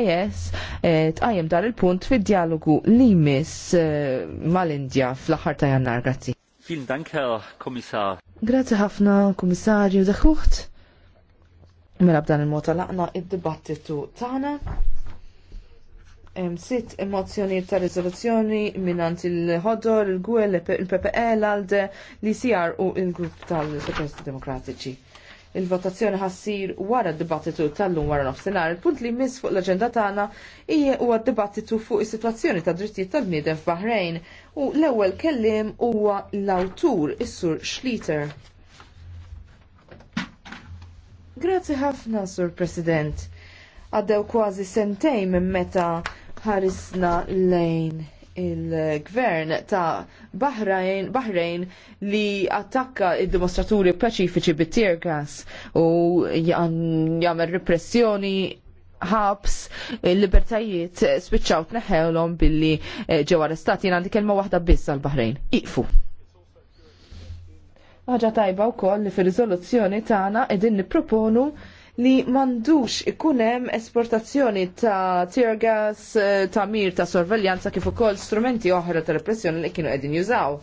Yes, eh, tqajjem dar il-punt fid-dialogu li jmiss eh, mal-Indja fl-aħħar ta' jannar, grazzi. Fin Dank, komissar. Kommissar. Grazzi ħafna, Kommissarju Daħuħt. Mela b'dan il mota laqna id-dibattitu tagħna. Hemm sitt emozzjonijiet ta' riżoluzzjoni minant il-ħodor, il-gwel, il-PPE, l-ALDE, l-ICR u il-grupp tal-Soċjalisti Demokratiċi il-votazzjoni ħassir wara d-dibattitu tal-lum wara nofsinhar. Il-punt li miss fuq l-aġenda tagħna hija huwa d-dibattitu fuq is-sitwazzjoni ta' drittijiet tal-bniedem f'Bahrejn u l-ewwel kelliem huwa l-awtur is-Sur Schlitter. Grazzi ħafna, Sur President. Għaddew kważi sentejn minn meta ħarisna lejn il-gvern ta' Bahrain, Bahrain li attakka id-dimostraturi paċifiċi bit-tear gas u jagħmel repressjoni ħabs, il libertajiet spiċċaw tneħħelhom billi eh, ġew arrestati jien għandi kelma waħda biss għal Bahrain. Iqfu. Ħaġa tajba wkoll li fir-riżoluzzjoni tagħna qegħdin nipproponu li mandux ikunem esportazzjoni ta' tear gas, eh, ta' mir, ta' sorveljanza kif ukoll strumenti oħra ta' repressjoni li kienu qegħdin jużaw.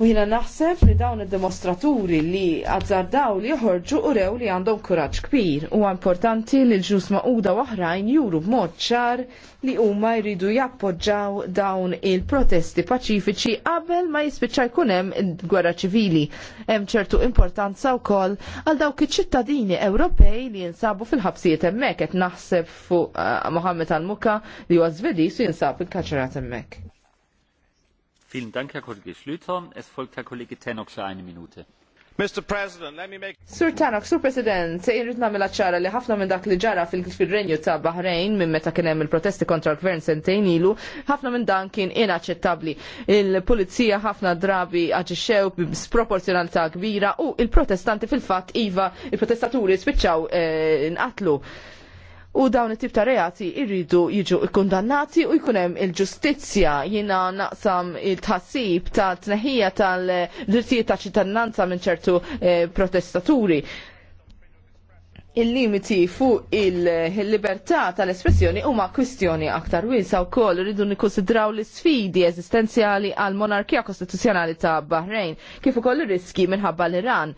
U jina naħseb li dawn id-demostraturi li għazzardaw li joħorġu u rew li għandhom kuraġġ kbir. U importanti li l-ġus maquda oħrajn juru b'mod ċar li huma jridu jappoġġaw dawn il-protesti paċifiċi qabel ma jispiċċa jkun hemm gwerra ċivili. Hemm ċertu importanza wkoll għal dawk iċ-ċittadini Ewropej li jinsabu fil-ħabsijiet hemmhekk qed naħseb fuq eh, Mohammed Al-Muka li huwa Żvediż u jinsab inkaċerat hemmhekk. Mr. President, let me make... Sur Tanok, Sur President, se irrit namela ċara li ħafna minn dak li ġara fil-renju ta' Bahrein minn meta kien hemm il-protesti kontra l-gvern sentejn ilu, ħafna minn dan kien inaċċettabbli. Il-pulizija ħafna drabi aġixxew b'sproporzjonalità kbira u il-protestanti fil-fatt iva il-protestaturi spiċċaw inqatlu. Eh, u dawn it-tip ta' reati irridu jiġu ikkundannati u jkun hemm il-ġustizzja jiena naqsam il-tħassib ta' tneħija tal-drittijiet ta' ċittadinanza minn ċertu eh, protestaturi il-limiti fuq il-libertà tal-espressjoni huma kwistjoni aktar wiesa wkoll iridu nikkonsidraw l-isfidi eżistenzjali għal monarkija kostituzzjonali ta' Bahrejn kif ukoll ir-riski minħabba l-Iran.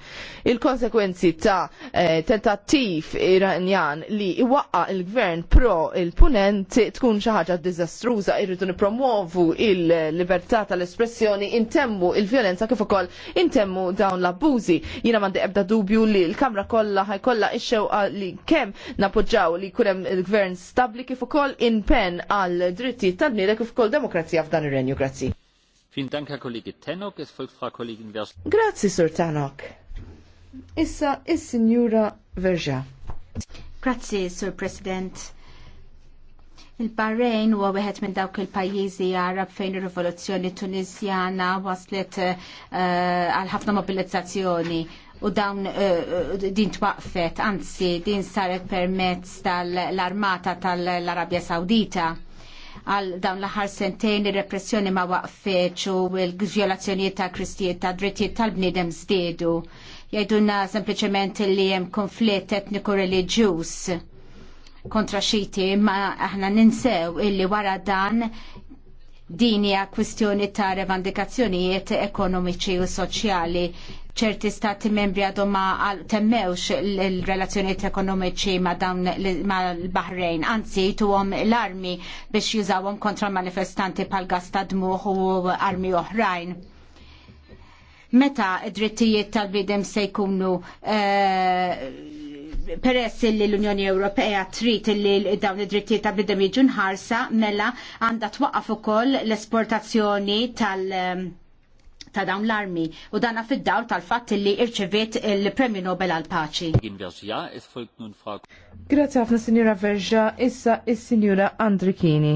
Il-konsekwenzi ta' eh, tentattiv Iranjan li iwaqqa il-gvern pro il-punent tkun xi ħaġa diżastruża irridu nippromuovu il-libertà tal-espressjoni intemmu il-vjolenza kif ukoll intemmu dawn l-abbużi. Jiena m'għandi ebda dubju li l-Kamra kollha ħajkollha ix li kem napoġġaw li kurem il-gvern stabli kif ukoll in pen għal dritti tal-bniedek kif ukoll demokrazija f'dan ir-renju. Grazzi. Fin danka kollegi Tenok, es folgt fra kollegi Vers. Grazzi, Sur Tenok. Issa, is-Sinjura Verja. Grazzi, Sur President. Il-Bahrain huwa wieħed minn dawk il-pajjiżi Arab fejn ir-rivoluzzjoni Tunisjana waslet eh, għal uh, ħafna mobilizzazzjoni u dawn eh, eh, din twaqfet, anzi din saret permezz tal-armata tal-Arabja Sawdita għal dawn l-aħħar sentejn ir-repressjoni ma waqfetx u l-vjolazzjonijiet ta' kristijiet ta' drittijiet tal-bniedem żdiedu. Jajduna sempliċement li hemm konflitt etniku reliġjuż kontra xiti ma aħna ninsew illi wara dan din hija kwistjoni ta' revandikazzjonijiet ekonomiċi u soċjali ċerti stati membri għadhom ma temmewx l-relazzjoniet ekonomiċi ma dawn ma l-Bahrejn, anzi tuhom l-armi biex jużawhom kontra manifestanti pal gas dmuħ u armi oħrajn. Meta id-drittijiet tal-bidem se jkunu eh, peress li l-Unjoni Ewropea trid li dawn id-drittijiet ta' bidem jiġu nħarsa mela għandha twaqqaf ukoll l-esportazzjoni tal- ta' dawn l-armi u dana fid-dawl tal-fatt li irċeviet il-Premju Nobel għal paċi. Grazie ħafna Sinjura Verġa, issa is-Sinjura Andrikini.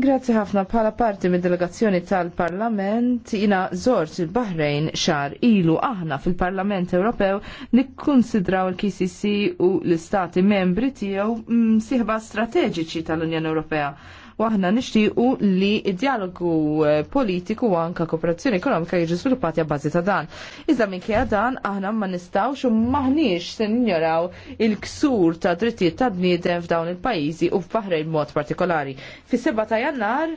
Grazie ħafna bħala parti mid delegazzjoni tal-Parlament jina zort il-Bahrejn xar ilu aħna fil-Parlament Ewropew nikkonsidraw il-KCC u l-Istati membri tiegħu siħba strateġiċi tal-Unjoni Ewropea u aħna nixtiequ li id-dialogu eh, politiku u anka kooperazzjoni ekonomika jiġu sviluppati bażi ta' dan. Iżda minkejja dan aħna ma nistgħux u maħniex se ninjoraw il-ksur ta' drittijiet ta' bniedem f'dawn il-pajjiżi u f'Baħrejn mod partikolari. Fis-seba ta' Jannar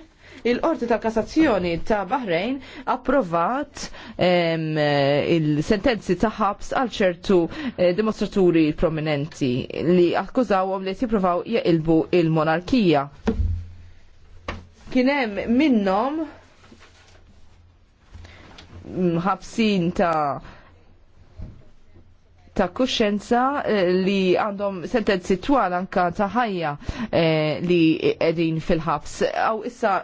il-Qorti ta' Kassazzjoni ta' Bahrein approvat eh, il-sentenzi ta' ħabs għal ċertu eh, dimostraturi prominenti li akkużawhom li jippruvaw jeqilbu il-monarkija kienem minnom ħabsin ta' ta' kuxenza eh, li għandhom sentenzi twal anka ta' ħajja eh, li edin fil-ħabs. Aw issa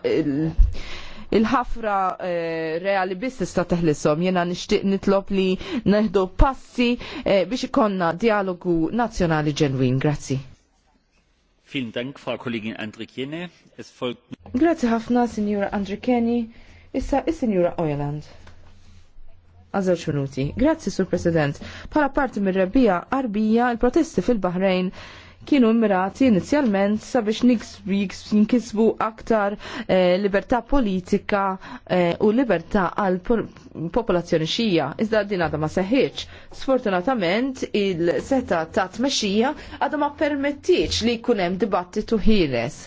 il-ħafra eh, reali biss tista' teħlisom jiena nixtieq nitlob li neħdu passi biex ikonna dialogu nazzjonali ġenwin. Grazzi. Vielen Dank, Frau Kollegin Andrikene. Es folgt... Grazie hafna, Signora Andrikieni. Issa, is-Signora Oyland. għazarċ minuti. Grazie, Sur President. Pala parti mir-rebbija arbija, il-protesti fil bahrein kienu mirati inizjalment sabiex jinkisbu aktar eh, libertà politika eh, u libertà għal popolazzjoni xija. Iżda din għadha ma seħħiċ. Sfortunatament il-seta ta' tmexxija għadha ma permettiċ li jkun hemm dibattitu ħieles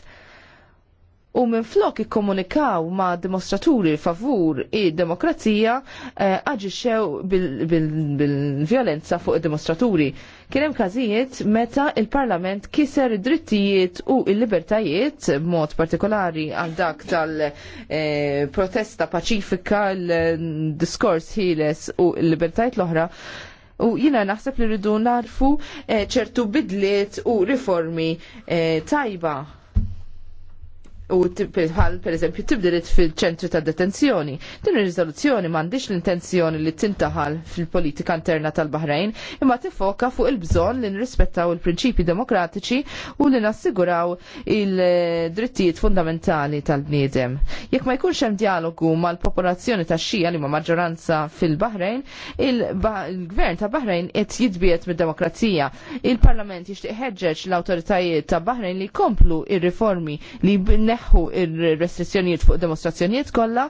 u minn flok ikkomunikaw ma' dimostraturi favur id-demokrazija eh, aġixxew bil-violenza bil, bil fuq id-dimostraturi. Kien hemm każijiet meta il-Parlament kiser id-drittijiet u l-libertajiet b'mod partikolari għal dak tal-protesta eh, paċifika, l-diskors ħieles u l-libertajiet l-oħra u jina naħseb li rridu narfu eh, ċertu bidliet u riformi eh, tajba u bħal per eżempju tibdilit fil ċentru ta' detenzjoni. Din ir-riżoluzzjoni m'għandix l-intenzjoni li tintaħal fil-politika interna tal-Bahrejn, imma tifoka fuq il-bżonn li nrispettaw il-prinċipi demokratiċi u li nassiguraw il-drittijiet fundamentali tal-bniedem. Jekk ma jkunx hemm dialogu mal-popolazzjoni ta' xija li ma maġġoranza fil-Bahrejn, il-gvern ta' Bahrejn qed jitbiet mid-demokrazija. Il-Parlament jixtieq ħeġġeġ l-awtoritajiet ta' Bahrejn li jkomplu ir-riformi li inneħħu il-restrizzjonijiet fuq demonstrazzjonijiet kollha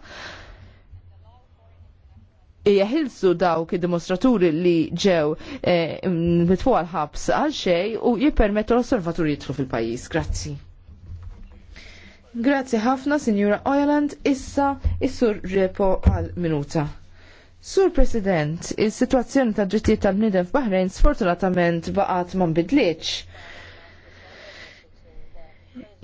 jeħilsu dawk id-dimostraturi li ġew mitfu eh, għal-ħabs għal xej u jippermettu l-osservaturi jitlu fil-pajis. Grazzi. Grazzi ħafna, Sinjura Oiland, issa issur repo għal-minuta. Sur President, il-situazzjoni ta' drittijiet tal-bnidem f'Bahrejn sfortunatament baqgħet ma nbidlitx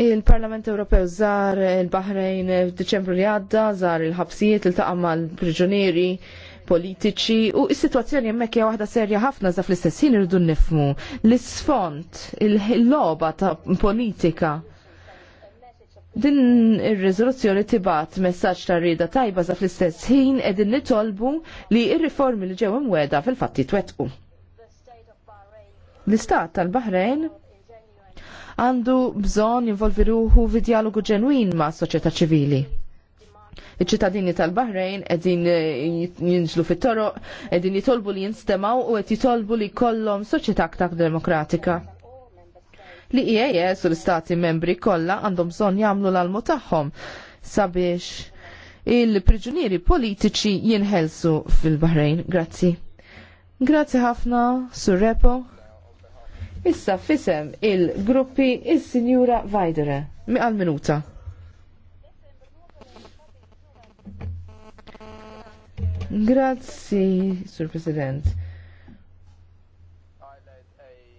Il-Parlament Ewropew żar il bahrejn f'Diċembru li għadda, żar il-ħabsijiet il taqa' mal-priġunieri politiċi u s-situazzjoni hemmhekk hija waħda serja ħafna za fl-istess ħin irridu nifmu l-isfont il-logħba ta' politika Din ir-riżoluzzjoni tibat messaġġ ta' rieda tajba za fl-istess ħin qegħdin nitolbu li r-riformi li ġew imweda fil-fatti twettqu. L-istat tal-Baħrejn għandu bżon jinvolvi ruħu fi dialogu ġenwin ma' soċjetà ċivili iċ-ċittadini tal-Bahrejn edin eh, jinġlu fit-toroq, edin jitolbu li jinstemaw u qed jitolbu li kollom soċjetà aktar demokratika. Li IAS e u l-istati membri kollha għandhom bżonn jagħmlu l-almu tagħhom sabiex il-priġunieri politiċi jinħelsu fil-Bahrejn. Grazzi. Grazzi ħafna, Surrepo. Issa fisem il-gruppi il-Sinjura Vajdere. għal minuta. Grazzi, Sur President.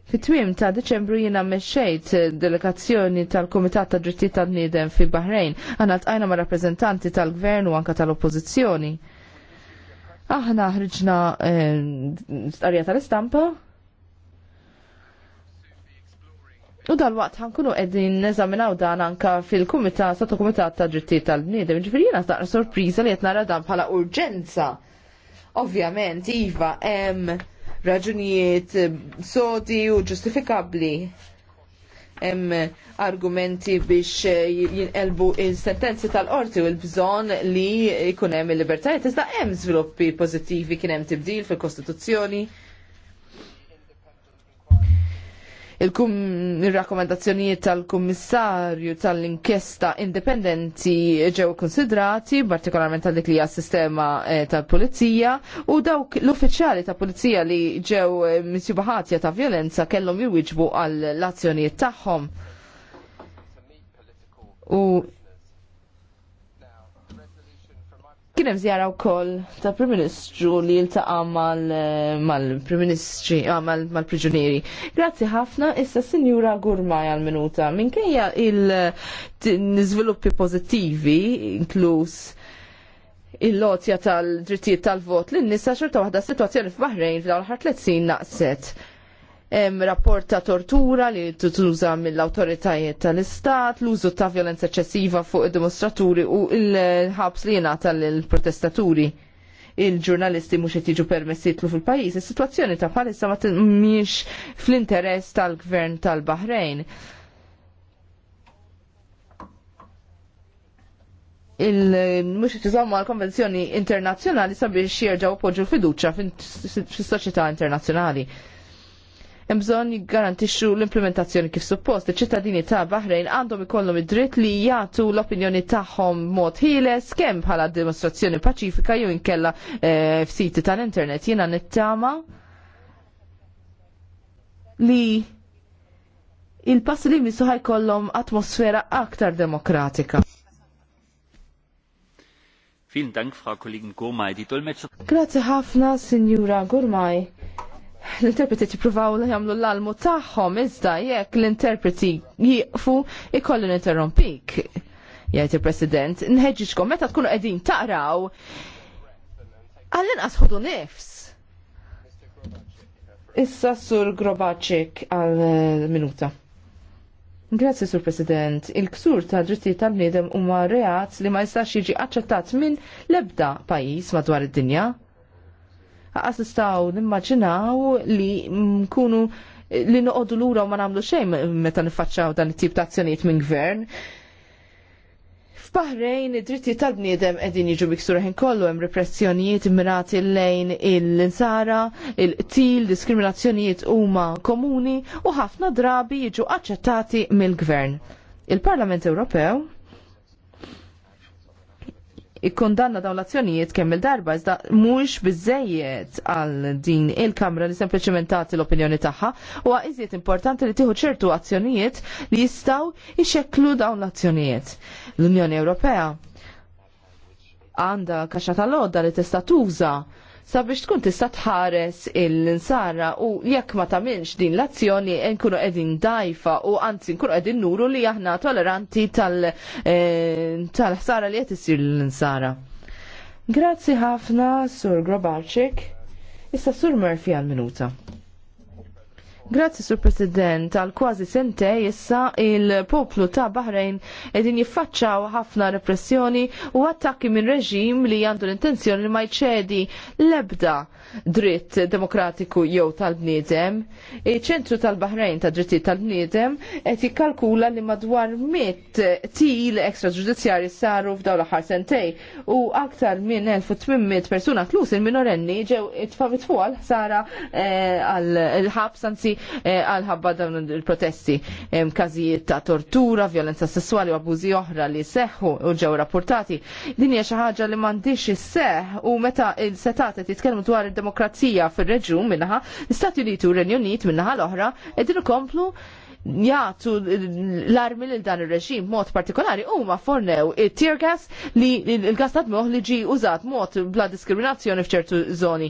Fit-twim ta' Deċembru jina mexxejt delegazzjoni tal-Komitat ta' Drittijiet tan-Niedem fi Bahrejn, għana tqajna ma' rappreżentanti tal-Gvern u anka tal-Oppożizzjoni. Aħna ħriġna starja eh, tal-istampa U dal-waqt ħankunu edin neżaminaw dan anka fil-Kumitat, Sotto Kumitat ta' Drittijiet tal-Bniedem, ġifieri jena daqra sorpriza li qed nara dan bħala urġenza. Ovvjament, iva, hemm raġunijiet eh, sodi u ġustifikabbli hemm argumenti biex eh, jinqelbu il-sentenzi tal-qorti u l-bżonn li jkun hemm il-libertajiet iżda hemm żviluppi pożittivi kien hemm tibdil fil-Kostituzzjoni il-rakkomandazzjonijiet tal-Kummissarju tal-inkjesta indipendenti ġew konsidrati, partikolarment għal dik li sistema eh, tal-Pulizija, u dawk l-uffiċjali tal Pulizija li ġew eh, misjubaħatja ta' violenza kellhom jiwiġbu għall-azzjonijiet tagħhom. U Kienem zjara u koll ta' Prim Ministru li jiltaqa mal-Prim Ministri, ah, mal-Priġunieri. Grazzi ħafna, issa Sinjura Gurmaj għal-minuta. Minkejja il-nizviluppi pozittivi, inkluż il-lotja tal-drittijiet tal-vot, l-nisa xorta waħda situazzjoni f'Bahrejn f'dawn ħar 30 naqset rapport ta' tortura li tuża mill awtoritajiet tal-istat, l-użu ta' violenza eċċessiva fuq id-dimostraturi u l-ħabs li jingħata lill-protestaturi il-ġurnalisti mhux qed jiġu permessi jitlu fil-pajjiż. Is-sitwazzjoni ta' bħalissa ma mhix fl-interess tal-gvern tal-Baħrejn. il-mux t-tizammu għal-konvenzjoni internazjonali sabiex jirġaw poġu fiduċa fil-soċieta internazjonali hemm bżonn jiggarantixxu l-implementazzjoni kif suppost. Iċ-ċittadini ta' Bahrein għandhom ikollhom id-dritt li jagħtu l-opinjoni tagħhom mod ħieles kemm bħala dimostrazzjoni paċifika jew inkella eh, f'siti tal-internet jiena nittama li il-pass li misu ħajkollhom atmosfera aktar demokratika. Vielen Dank, Frau Kollegin Gurmai. Grazie ħafna, Signora Gurmai l-interpreti tippruvaw li jagħmlu l-almu tagħhom iżda jekk l-interpreti jiqfu ikollu interrompik. Jgħid il-President, nħeġġiġkom meta tkunu qegħdin taqraw għall-inqas ħodu nifs. Issa sur Grobaċek għal eh, minuta. Grazzi, Sur President. Il-ksur ta' drittijiet tal-bniedem huma reat li ma jistax jiġi aċċettat minn l-ebda pajjiż madwar id-dinja għasistaw nimmaġinaw li nkunu li noqogħdu lura u ma nagħmlu xejn meta nifacċaw dan it-tip ta' azzjonijiet minn gvern. F'Bahrejn id-dritti tal-bniedem qegħdin jiġu miksur ħin kollu hemm repressjonijiet immirati lejn il-insara, il-qtil, diskriminazzjonijiet huma komuni u ħafna drabi jiġu aċċettati mill-gvern. Il-Parlament Ewropew ikkondanna dawn l-azzjonijiet kemm il-darba, iżda mhux biżejjed għal din il-Kamra li sempliċement tagħti l-opinjoni tagħha, huwa iżjed importanti li tieħu ċertu azzjonijiet li jistgħu jxekklu dawn l-azzjonijiet. L-Unjoni Ewropea għandha kaxxa tal-odda li tista' tuża sabiex tkun tista' tħares il-insara u jekk ma tagħmilx din l-azzjoni nkunu qegħdin dajfa u anzi nkunu qegħdin nuru li aħna toleranti eh, tal-ħsara li qed issir l-insara. Grazzi ħafna, Sur Grobarczyk. Issa Sur Murphy għal-minuta. Grazzi, Sur President, għal kważi sente issa il-poplu ta' Bahrajn edin jiffaċċaw ħafna repressjoni u attakki minn reġim li għandu l-intenzjoni li ma jċedi lebda dritt demokratiku jew tal-bniedem. iċ ċentru tal-Bahrejn ta' dritti tal-bniedem qed jikkalkula li madwar mit til ekstraġudizzjari saru f'daw l-aħħar sentej u aktar minn 1800 persuna tlus il-minorenni ġew it-tfal sara eh, għal-ħabs anzi Eh, għalħabba dawn il-protesti każijiet ta' tortura, violenza sessuali u abbużi oħra li seħħu u ġew rapportati. Din hija xi ħaġa li m'għandix isseħħ u meta il-setat qed jitkellmu dwar id-demokrazija fir-reġjun minnaħa, l-Istati Uniti u r-Renju Unit minnaħa l-oħra qegħdin ikomplu jgħatu l-armi lil dan ir-reġim mod partikolari huma fornew it-tear gas li l-gas ta' li ġi użat mod bla diskriminazzjoni f'ċertu żoni.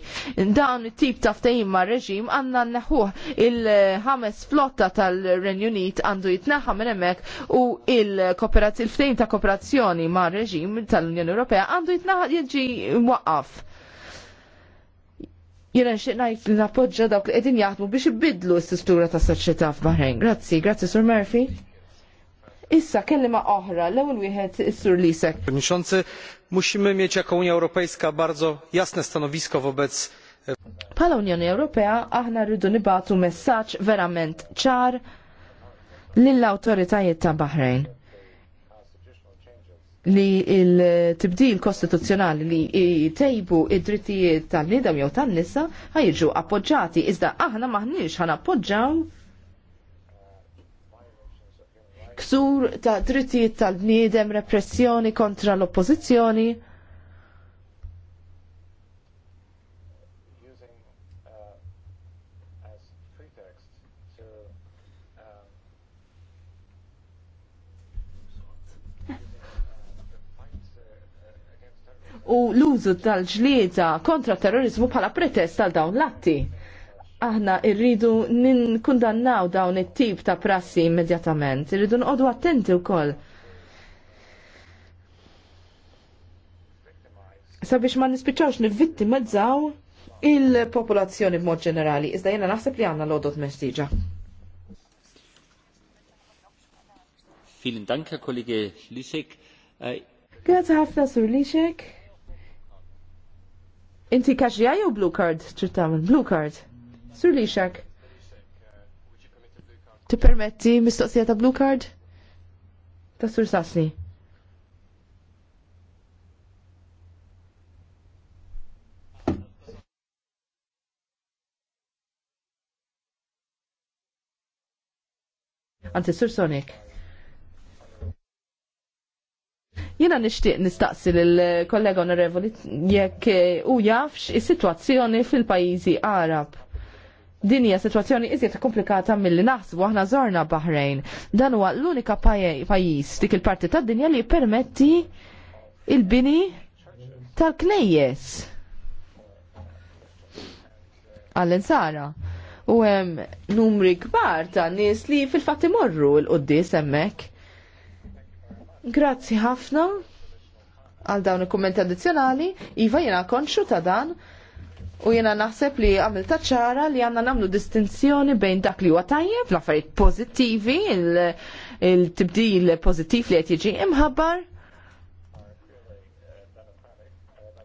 Dan it-tip ta' ftehim mar-reġim għandna neħuħ il-ħames flotta tal-Renju Unit għandu jitnaħħa minn hemmhekk u il-ftehim ta' kooperazzjoni mar-reġim tal-Unjoni Ewropea għandu jitnaħħa jiġi waqqaf Jena xinajt li napoġġa dawk li qegħdin jaħdmu biex ibidlu s-struttura ta' soċjetà f'Bahrejn. Grazzi, grazzi Sur Murphy. Issa kellima oħra, l-ewwel wieħed is-Sur Lisek. Przewodniczący, musimy mieć jako Unia Europejska bardzo jasne stanowisko wobec e, Pala Unjoni Ewropea aħna rridu nibatu messaġġ verament ċar lill-awtoritajiet ta' Bahrejn li il-tibdil kostituzzjonali li jtejbu id-drittijiet tal-nidam jew tan-nisa ħajġu appoġġati iżda aħna maħniex ħan appoġġaw ksur ta' drittijiet tal-bniedem, repressjoni kontra l-oppożizzjoni u l-użu tal-ġlieda kontra terrorizmu bħala pretest tal dawn l-atti. Aħna irridu ninkundannaw dawn it-tip ta' prassi immedjatament, irridu nqodu attenti wkoll. Sabiex ma nispiċċawx nivittimizzaw il-popolazzjoni b'mod ġenerali, iżda jena naħseb li għanna l-odot meħtieġa. Filin danka Herr Lisek. Äh, Grazie ħafna, Sur Lisek. Inti kaxja jew blue card trid tagħmel? Blue card. Sur li xak. Tippermetti mistoqsija ta' blue card? Ta' sur sasni. Anzi, sur Sonic. jina nishtiq nistaqsi l-kollega onorevoli jekk eh, u jafx is-sitwazzjoni fil-pajjiżi Arab. Din hija sitwazzjoni iżjed komplikata milli naħsbu aħna Zorna Bahrejn. Dan huwa l-unika pajjiż dik il-parti tad-dinja li permetti il-bini tal-knejjes Allen Sara. U hemm numri kbar ta' nies li fil-fatt imorru l-qudies hemmhekk Grazzi ħafna għal dawn il-kummenti addizzjonali. Iva jena konxu ta' dan u jena naħseb li għamil ta' ċara li għanna namlu distinzjoni bejn dak li huwa tajjeb, l-affarijiet pozittivi, il-tibdil pozittiv li qed jiġi imħabbar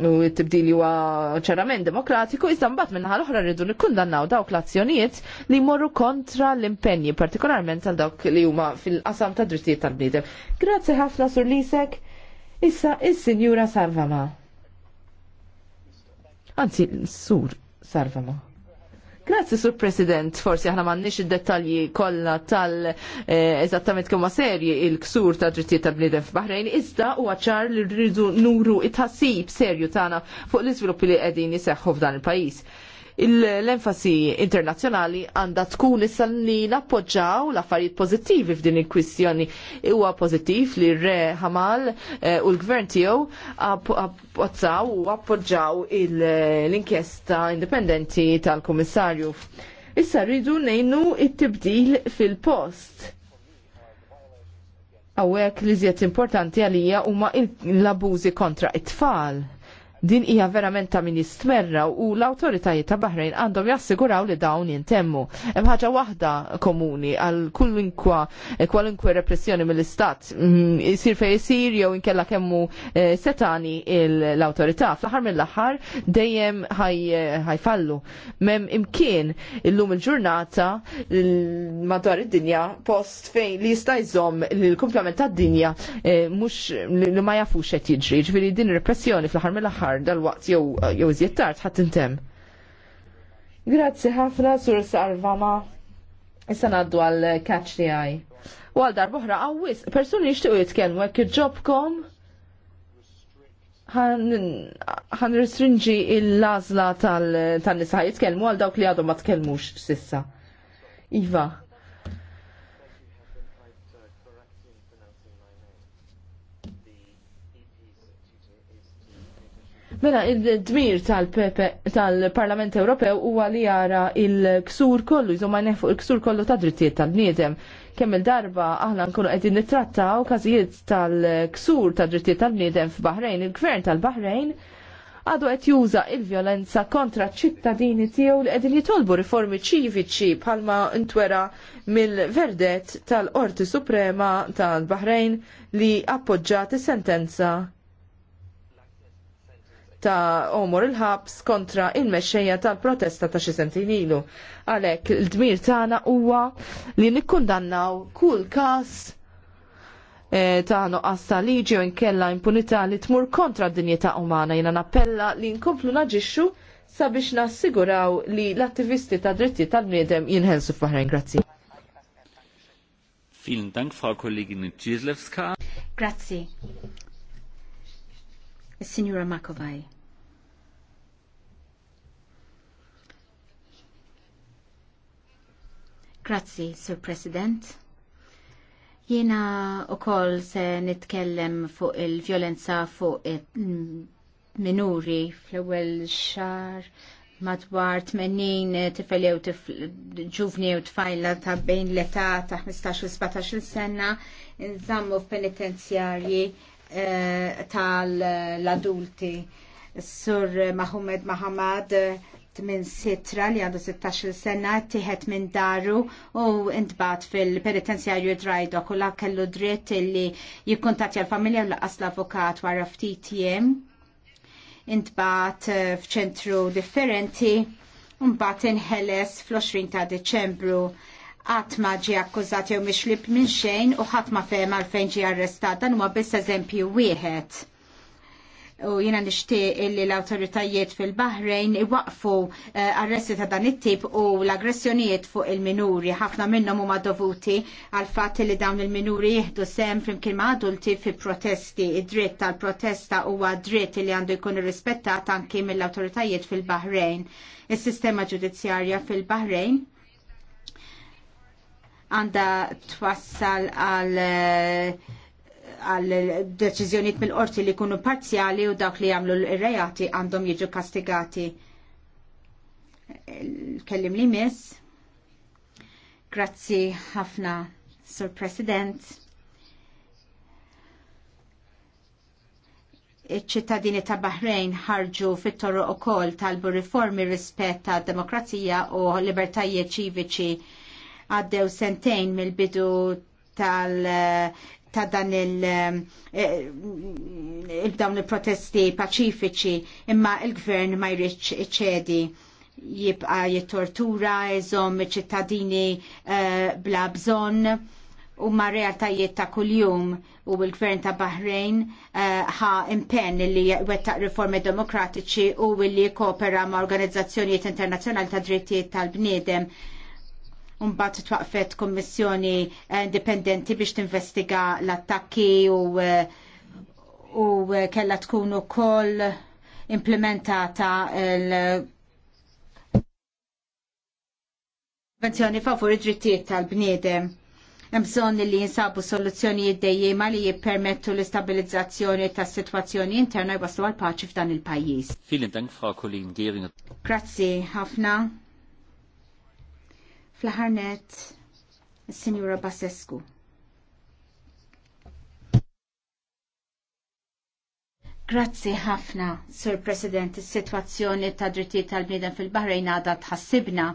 u t-tibdili huwa ċerament demokratiku, iżda mbagħad minnaħal l-oħra rridu nikkundannaw dawk l-azzjonijiet li jmorru kontra l-impenji, partikolarment tal dawk li huma fil-qasam ta' drittijiet tal-bniedem. Grazzi ħafna sur Lisek, issa il sinjura Sarvama. Anzi, sur Sarvama. Grazzi, Sur President. Forsi aħna m'għandniex id-dettalji kollha tal eh, eżattament kemm serji il-ksur ta' drittijiet tal-bniedem f'Bahrejn, iżda huwa ċar li rridu nuru it tasib serju tagħna fuq l-iżviluppi li qegħdin jiseħħu f'dan il-pajjiż l-enfasi internazzjonali għandha tkun issa li nappoġġaw l-affarijiet pożittivi f'din il-kwistjoni. Huwa pożittiv li re Hamal eh, u l-gvern tiegħu appozzaw u appoġġaw l-inkjesta indipendenti tal-Kummissarju. Issa rridu ngħinu it-tibdil fil-post. Għawek li zjed importanti għalija huma l-abużi kontra it-tfal Din hija verament ta' min jistmerra u l-awtoritajiet ta' Bahrain għandhom jassiguraw li dawn jintemmu. Hemm ħaġa waħda komuni għal kullinkwa eh, kwalunkwe repressjoni mill-istat mm, isir fejn isir jew inkella kemmu eh, setani l-awtorità. Fl-aħħar mill-aħħar dejjem ħajfallu. Eh, Mem imkien illum il-ġurnata madwar id-dinja post fejn li jista' jżomm l-kumplament tad-dinja mhux li ma jafux qed jiġri. Ġifieri din ir repressjoni fl-aħħar mill-aħħar nofsinhar dal-waqt jew jew iżjed tard ħadd intemm. Grazzi ħafna sur Sarvama. Issa ngħaddu għal catch the eye. U għal oħra, qawwis, persuni jixtiequ jitkellmu hekk iġobkom ħan restringi il-lazla tal-nisa jitkellmu għal dawk li għadhom ma tkellmux sissa. Iva. Mela, id-dmir tal-Parlament Ewropew huwa li jara il-ksur kollu, jżomma fuq il-ksur kollu ta' drittijiet tal-bniedem. Kemm il-darba aħna nkunu qegħdin nittrattaw każijiet tal-ksur ta' drittijiet tal-bniedem f'Baħrejn, il-Gvern tal-Baħrejn għadu qed juża il-vjolenza kontra ċittadini tiegħu li qegħdin jitolbu riformi ċiviċi bħalma ntwera mill-verdet tal-Qorti Suprema tal-Baħrejn li appoġġat is-sentenza ta' omor il-ħabs kontra il-mexxejja tal-protesta ta' xi sentin ilu. Għalhekk il-dmir tagħna huwa li nikkundannaw kull każ e, ta' noqqas ta' liġi u nkella impunità li tmur kontra d dinjeta umana jina nappella li nkomplu naġixxu sabiex nassiguraw li l-attivisti ta' dritti tal-bniedem jinħelsu f'aħrejn Grazzi. Vielen Dank, Frau Kollegin Gieslewska. Grazzi. Signora Makovaj. Grazzi, Sir President. Jiena u koll se nitkellem fuq il-violenza fuq il-minuri fl-ewel xar madwar 80 eh, tifel jew ġuvni u tfajla ta' bejn l-età ta' 15 u 17 sena nżammu f'penitenzjarji eh, tal-adulti. Sur Mahomed Mahamad minn sitra li għandu 16 sena tiħet minn daru u intbat fil-penitenzjarju drajdok u la kellu dritt li jikkuntatja l-familja u laqas l-avokat wara ftit jiem. Intbat eh, f'ċentru differenti mbagħad inħeles fl-20 ta' Deċembru għatma ġi akkużat jew mixlib minn xejn u ħatma fehma għalfejn ġi arrestat dan huwa biss eżempju wieħed u jina nishtiq illi l-autoritajiet fil-Bahrejn iwaqfu eh, arresti ta' dan it-tip u l-aggressjonijiet fuq il-minuri. ħafna minnhom huma dovuti għal fatt li dawn il-minuri jieħdu sem flimkien ma' adulti fi protesti. Id-dritt tal-protesta huwa dritt li għandu jkun irrispettat anki mill-autoritajiet fil-Bahrejn. Is-sistema ġudizzjarja fil-Bahrejn għanda twassal għal uh, għal deċiżjonijiet mill-qorti li jkunu parzjali u dawk li jagħmlu l-rejati għandhom jiġu kastigati. Kellim li miss. Grazzi ħafna, Sur President. iċ-ċittadini ta' Bahrejn ħarġu fit-toru u talbu riformi rispett ta' demokrazija u libertajiet ċiviċi għaddew sentejn mill-bidu tal- ta' dan il-dawn eh, il-protesti paċifiċi imma il-gvern ma jridx iċedi jibqa jittortura eżom ċittadini eh, bla bżon u ma realtajiet ta' kuljum u l-gvern ta' Bahrain eh, ħa impenn li wettaq riformi demokratiċi u li kopera ma' organizzazzjonijiet internazzjonali ta' drittijiet tal-bniedem Umbat twaqfet kommissjoni indipendenti biex tinvestiga l-attakki u, u kella tkun ukoll implementata l- konvenzjoni favur id-drittijiet tal-bniedem. Hemm bżonn li jinsabu soluzzjonijiet ma li jippermettu l-istabilizzazzjoni tas sitwazzjoni interna jwaslu għal paċi f'dan il-pajjiż. Grazzi ħafna. Fl-ħarnet, Signora Basescu. Grazzi ħafna, Sur President, is-sitwazzjoni ta' drittijiet tal-bniedem fil-Bahrejn għadha tħassibna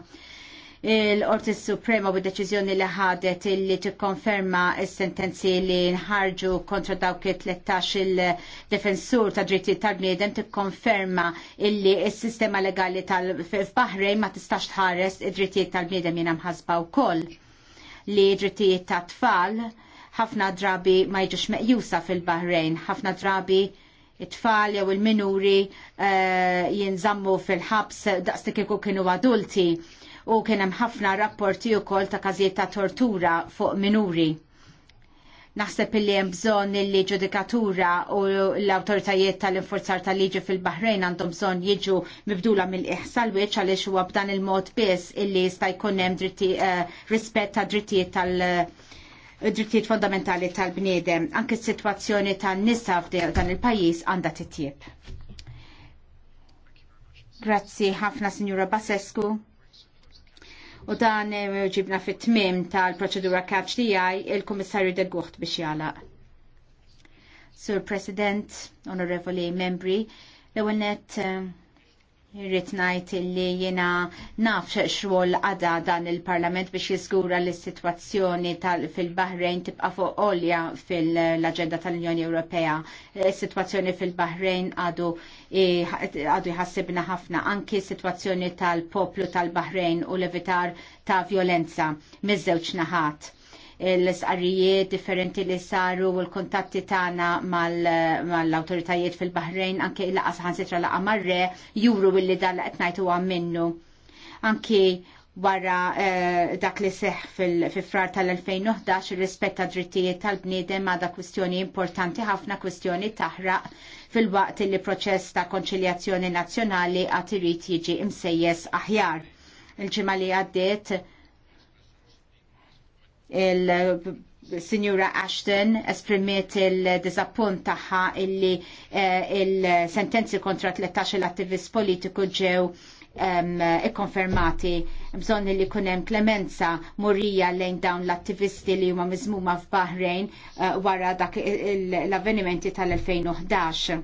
il qorti Suprema u deċiżjoni li ħadet illi tikkonferma s-sentenzi li nħarġu kontra dawk 13 il-defensur ta' dritti tal-bniedem tikkonferma illi s-sistema legali tal-Bahrejn ma tistax tħares id-dritti tal-bniedem jena mħasba wkoll li drittijiet ta' tfal ħafna drabi ma jiġux meqjusa fil-Bahrejn, ħafna drabi it-tfal jew il-minuri eh, jinżammu fil-ħabs daqstik kienu adulti u kien hemm ħafna rapporti wkoll ta' każijiet ta' tortura fuq minuri. Naħseb illi hemm bżonn li ġudikatura u l-awtoritajiet tal-infurzar tal-liġi fil bahrejn għandhom bżonn jiġu mibdula mill-iħsal wieċ għaliex huwa b'dan il-mod biss illi jista' jkun hemm eh, rispett ta' drittijiet tal- drittijiet fondamentali tal-bniedem, anke s-sitwazzjoni tan-nisa f'dan il-pajjiż għandha titjib. Grazzi ħafna, Signora Basescu. U dan eh, ġibna fit tmim tal-proċedura kaċ li għaj il-Komissarju de Gucht biex jalaq. Sur President, Onorevoli Membri, l-għonet Irrit ngħid li jiena naf xogħol għada dan il-Parlament biex jiżgura l sitwazzjoni fil-Bahrejn tibqa' fuq olja fil-aġenda tal-Unjoni Ewropea. Situazzjoni sitwazzjoni fil-Bahrejn għadu jħassibna ħafna anki sitwazzjoni tal-poplu tal-Bahrejn u levitar ta' violenza miż-żewġ naħat l-sqarrijiet differenti li saru u l-kontatti tagħna mal-awtoritajiet mal awtoritajiet fil bahrejn anke il-laqas sitra laqa marre juru billi dan qed ngħid huwa minnu. Anki wara eh, dak li seħ fil-frar tal-2011 rispett ta' drittijiet tal-bniedem għadha kwistjoni importanti ħafna kwistjoni taħraq fil-waqt li proċess ta' konċiljazzjoni nazzjonali għad irid jiġi imsejjes aħjar. Il-ġimgħa li għaddiet il- Signora Ashton esprimiet il-dizappunt taħħa illi eh, il-sentenzi kontra 13 attivist politiku ġew ikkonfermati bżon li kunem klemenza murija lejn dawn l-attivisti li huma miżmuma f'Bahrejn eh, wara dak l-avvenimenti tal-2011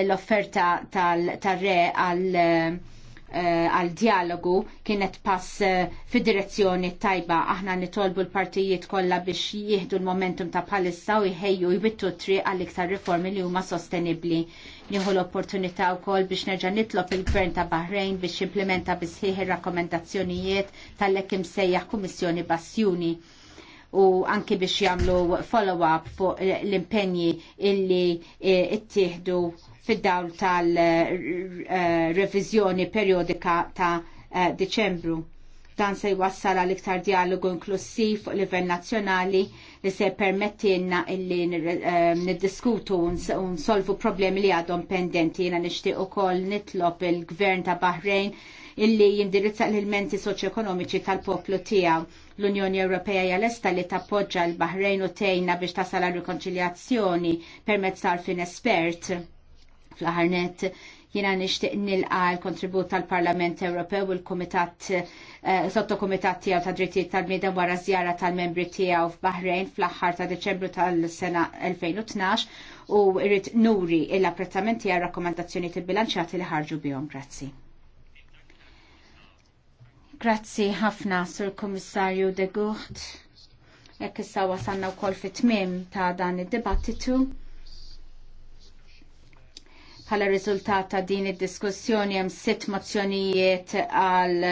l-offerta tal-re tal Eh, għal dialogu kienet pass eh, fid direzzjoni tajba aħna nitolbu l-partijiet kollha biex jieħdu l-momentum ta' palissa u jħejju jbittu tri għal iktar riformi li huma sostenibbli. Nieħu l-opportunità wkoll biex nerġa' nitlob il-Gvern ta' Bahrejn biex jimplementa bisħieħ ir-rakkomendazzjonijiet tal-hekk imsejjaħ Kummissjoni Bassjuni u anki biex jagħmlu follow-up fuq l-impenji illi eh, ittieħdu fid-dawl tal-revizjoni periodika ta' eh, Deċembru. Dan se jwassal għal iktar dialogu inklusiv fuq livell nazzjonali li se permettilna illi eh, niddiskutu u nsolvu problemi li għadhom pendenti. Jena nixtieq ukoll nitlob il-Gvern ta' Bahrein illi jindirizza l-elementi soċjoekonomiċi tal-poplu tiegħu. L-Unjoni Ewropea jalesta li tappoġġa l-Bahrejn u tejna biex tasal għal rikonċiljazzjoni permezz tal-fin espert fl-ħarnet jina nishtiq nilqa l-kontribut tal-Parlament Ewropew u l-Komitat eh, sottokomitat tiegħu ta' drittijiet tal-bniedem wara żjara tal-membri tiegħu f'Baħrejn fl-aħħar ta' Deċembru tal-sena 2012 u irrid nuri l-apprezzament tiegħu rakkomandazzjoni il-bilanċjati li ħarġu bihom. Grazzi. Grazzi ħafna Sur Kummissarju de Gucht. Jekk issa wasanna wkoll fit-tmiem ta' dan id-dibattitu. Bħala riżultat ta' din id-diskussjoni hemm sitt mozzjonijiet għal